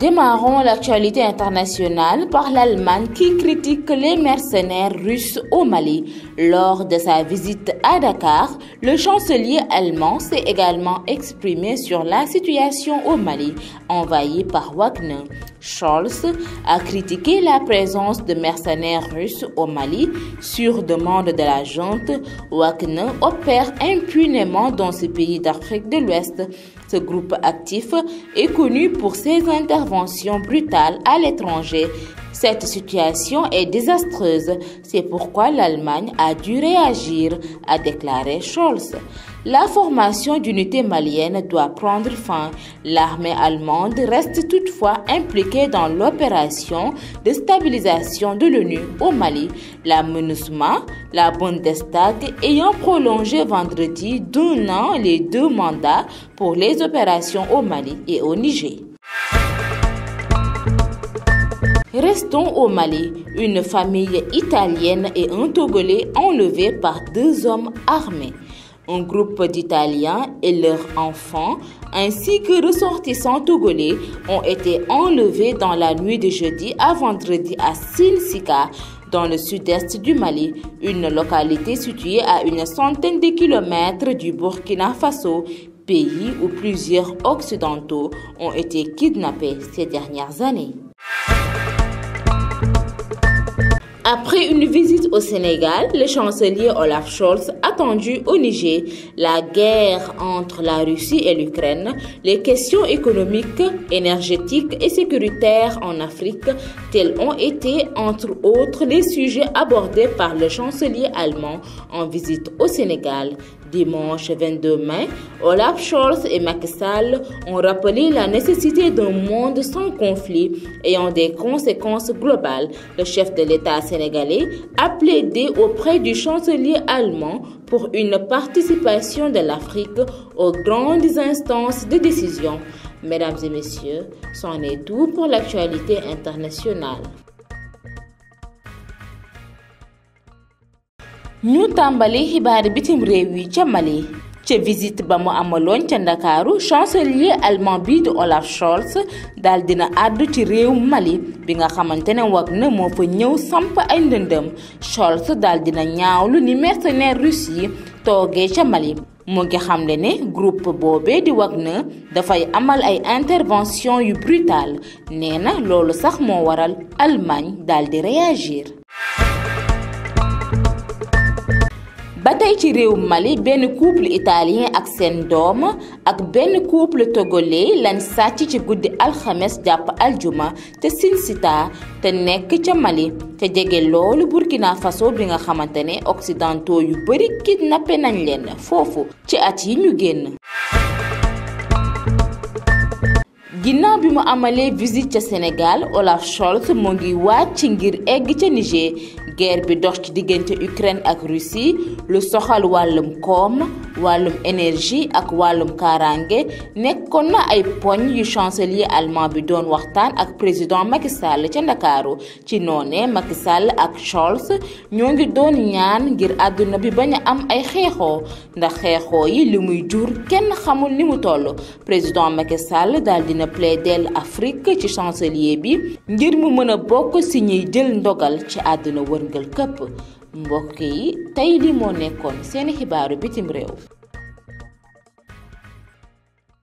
Démarrons l'actualité internationale par l'Allemagne qui critique les mercenaires russes au Mali. Lors de sa visite à Dakar, le chancelier allemand s'est également exprimé sur la situation au Mali, envahi par Wagner. Scholz a critiqué la présence de mercenaires russes au Mali sur demande de la junte. Wagner opère impunément dans ce pays d'Afrique de l'Ouest. Ce groupe actif est connu pour ses interventions brutales à l'étranger cette situation est désastreuse. C'est pourquoi l'Allemagne a dû réagir, a déclaré Scholz. La formation d'unités malienne doit prendre fin. L'armée allemande reste toutefois impliquée dans l'opération de stabilisation de l'ONU au Mali. La la Bundestag ayant prolongé vendredi donnant les deux mandats pour les opérations au Mali et au Niger. Restons au Mali. Une famille italienne et un Togolais enlevés par deux hommes armés. Un groupe d'Italiens et leurs enfants, ainsi que ressortissants togolais, ont été enlevés dans la nuit de jeudi à vendredi à Silsika, dans le sud-est du Mali, une localité située à une centaine de kilomètres du Burkina Faso, pays où plusieurs Occidentaux ont été kidnappés ces dernières années. Après une visite au Sénégal, le chancelier Olaf Scholz attendu au Niger la guerre entre la Russie et l'Ukraine, les questions économiques, énergétiques et sécuritaires en Afrique, tels ont été entre autres les sujets abordés par le chancelier allemand en visite au Sénégal. Dimanche 22 mai, Olaf Scholz et Macky Sall ont rappelé la nécessité d'un monde sans conflit ayant des conséquences globales. Le chef de l'État sénégalais a plaidé auprès du chancelier allemand pour une participation de l'Afrique aux grandes instances de décision. Mesdames et messieurs, c'en est tout pour l'actualité internationale. ñu tàmbali xibaari bitim réew yi ca Mali ca visite ba mu amaloon ca ndakaaru chancelier allemand bi di Olaf Scholz daal dina àddu ci réew Mali bi nga xamante ne Wagner moo fa ñëw samp ay ndëndëm Scholz daal dina ñaawlu ni mercenaire russe yi toogee ca Mali mu ngi xamle ne groupe boobee di wag na dafay amal ay intervention yu brutal nee na loolu sax moo waral Allemagne daal di réagir ba tey ci réewum Mali benn couple italien ak seen doom ak benn couple togolais lañ sàcc ci guddi alxames jàpp aljuma te Sinsita te nekk ca Mali te jege loolu Burkina Faso bi nga xamante ne occidentaux yu bari kidnappé nañ leen foofu ci at yi ñu génn. ginnaaw bi mu amalee visite ca Sénégal Olaf Scholz mu ngi ci ngir egg ca Niger guerre bi dox ci diggante Ukraine ak Russie lu soxal wàllum koom wàllum énergie ak wàllum karange nekkoon na ay poñ yu chancelier allemand bi doon waxtaan ak président Macky Sall ca Ndakaaru ci noone Macky Sall ak Scholz ñoo ngi doon ñaan ngir àdduna bi ba a am ay xeexoo ndax xeexoo yi li muy jur kenn xamul ni mu toll président Macky Sall daal dina plaidel Afrique ci chancelier bi ngir mu mën a bokk si ñuy jël ndogal ci àdduna wër wërngal këpp mbokk yi tey li moo nekkoon seeni xibaaru bitim réew